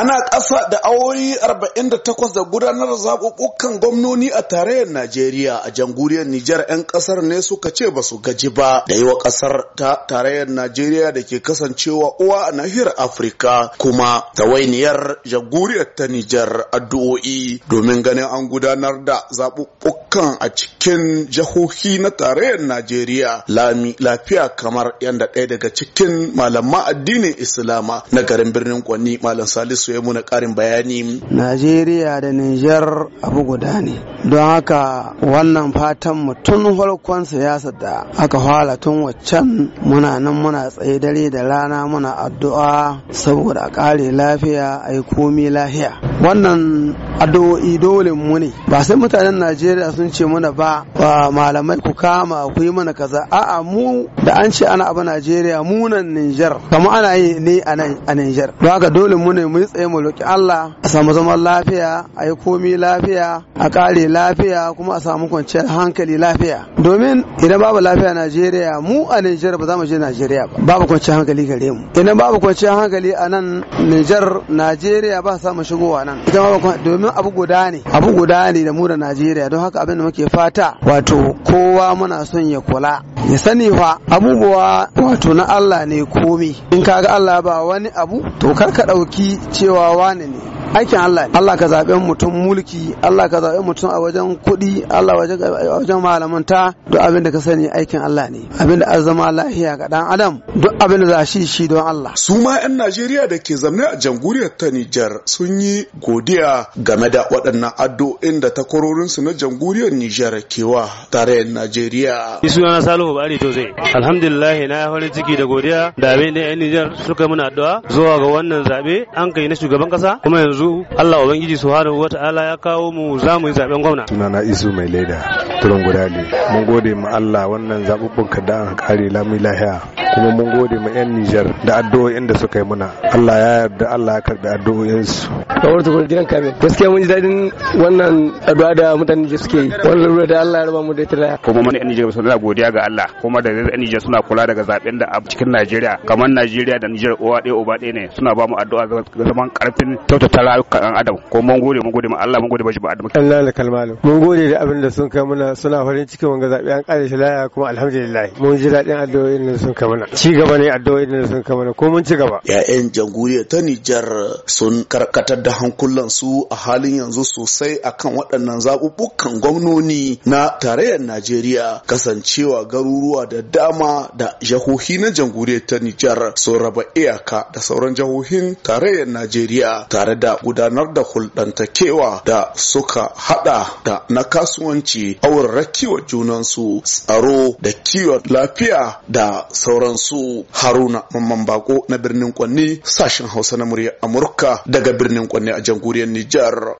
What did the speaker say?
ana ƙasa da awoyi 48 da gudanar zaɓuɓɓukan gwamnoni a tarayyar najeriya a jamhuriyar nijar 'yan ƙasar ne suka ce ba su gaji ba da yi wa ƙasar ta tarayyar najeriya da ke kasancewa uwa a nahiyar afirka kuma tawainiyar jamhuriyar ta nijar addu'o'i domin ganin an gudanar da zaɓuɓɓukan a cikin jihohi na tarayyar najeriya lami lafiya kamar yadda ɗaya daga cikin malaman addinin islama na garin birnin kwanni malam salisu su yi muna karin bayani Najeriya da Nijar abu guda ne don haka wannan fatan mutum farkon siyasa da aka fara tun waccan muna nan muna tsaye dare da rana muna addu'a saboda a kare lafiya a yi komi lahiya wannan addu'o'i dole mu ne ba sai mutanen najeriya sun ce mana ba malamai ku kama ku yi mana kaza a'a mu da an ce ana abu najeriya mu nan nijar kama ana yi ne a nan a nijar don haka dole mu ne mu yi tsaye mu roki allah a samu zaman lafiya a yi komi lafiya a kare lafiya kuma a samu kwanciyar hankali lafiya domin idan babu lafiya najeriya mu a nijar ba za mu je najeriya ba babu kwanciyar hankali gare mu idan babu kwanciyar hankali a nan nijar najeriya ba samu shigowa nan ita ma domin abu guda ne abu guda ne da mu da najeriya don haka abin da muke fata wato kowa muna son ya kula ya sani fa abubuwa wato na allah ne komi in ka ga allah ba wani abu to kar ka ɗauki cewa wani ne aikin Allah Allah ka zaɓe mutum mulki Allah ka zaɓe mutum a wajen kuɗi Allah wajen malamanta duk abin da ka sani aikin Allah ne abin da an zama lahiya ga ɗan adam duk abin da za shi shi don Allah su ma 'yan Najeriya da ke zamne a jamhuriyar ta Nijar sun yi godiya game da waɗannan addu'o'in da su na jamhuriyar Nijar kewa Tare Najeriya sunana Salihu Bari to zai alhamdulillah na farin ciki da godiya da abin da 'yan Nijar suka muna addu'a zuwa ga wannan zaɓe an kai na shugaban ƙasa kuma yanzu yanzu Allah ubangiji subhanahu wataala ya kawo mu za mu yi zaben gwamna sunana isu mai laida turan guda ne mun gode ma Allah wannan zabubbukan da aka kare lamu lahiya kuma mun gode ma yan Nijar da addu'o'in da suka yi muna Allah ya yarda Allah ya karbi addu'o'in su rawar tukur gidan kamil gaskiya mun ji daɗin wannan addu'a da mutane da suke yi wannan lura da Allah ya raba mu da ita kuma mun yan Nijar suna godiya ga Allah kuma da yan Nijar suna kula daga zaben da a cikin Najeriya kamar Najeriya da Nijar uwa ɗaya uba ɗaya ne suna ba mu addu'a ga zaman karfin kyautata rayukan ɗan adam ko mun gode mun gode ma Allah mun gode ba shi ba adam Allah da kalmalu mun gode da abin da sun kai muna suna farin cikin wanga zabe an kare shi laya kuma alhamdulillah mun ji daɗin addu'o'in da sun kai muna ci gaba ne addu'o'in da sun kai muna ko mun ci gaba ya'yan jamhuriyar ta Nijar sun karkatar da hankulansu a halin yanzu sosai akan waɗannan zaɓuɓɓukan gwamnoni na tarayyar Najeriya kasancewa garuruwa da dama da jahohi na jamhuriyar ta Nijar sun raba iyaka da sauran jihohin tarayyar Najeriya tare da gudanar da hulɗantakewa da suka haɗa da na kasuwanci aurarrakiwa junansu tsaro da kiwon lafiya da sauransu haruna mamman bako na birnin kwanni sashen hausa na murya amurka daga birnin kwanni ne a jamhuriyar Nijar.